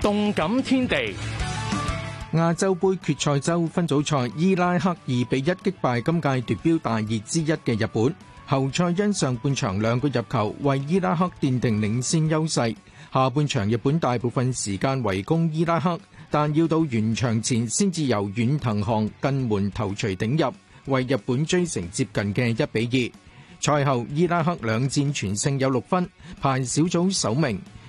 動感天地亞洲盃決賽周分組賽，伊拉克二比一擊敗今屆奪標大熱之一嘅日本。侯賽因上半場兩個入球，為伊拉克奠定領先優勢。下半場日本大部分時間圍攻伊拉克，但要到完場前先至由遠藤航近門頭錘頂入，為日本追成接近嘅一比二。賽後，伊拉克兩戰全勝有六分，排小組首名。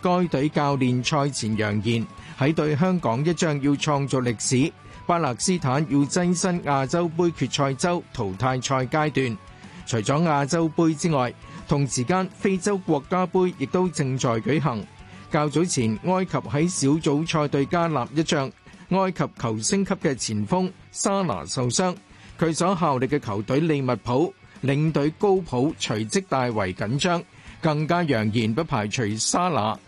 該隊教練賽前揚言，喺對香港一仗要創造歷史。巴勒斯坦要躋身亞洲盃決賽周淘汰賽階段。除咗亞洲盃之外，同時間非洲國家盃亦都正在舉行。較早前埃及喺小組賽對加納一仗，埃及球星級嘅前鋒沙拿受傷，佢所效力嘅球隊利物浦領隊高普隨即大為緊張，更加揚言不排除沙拿。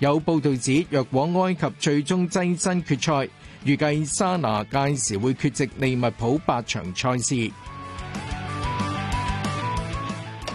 有報道指，若果埃及最終擠身決賽，預計沙拿屆時會缺席利物浦八場賽事。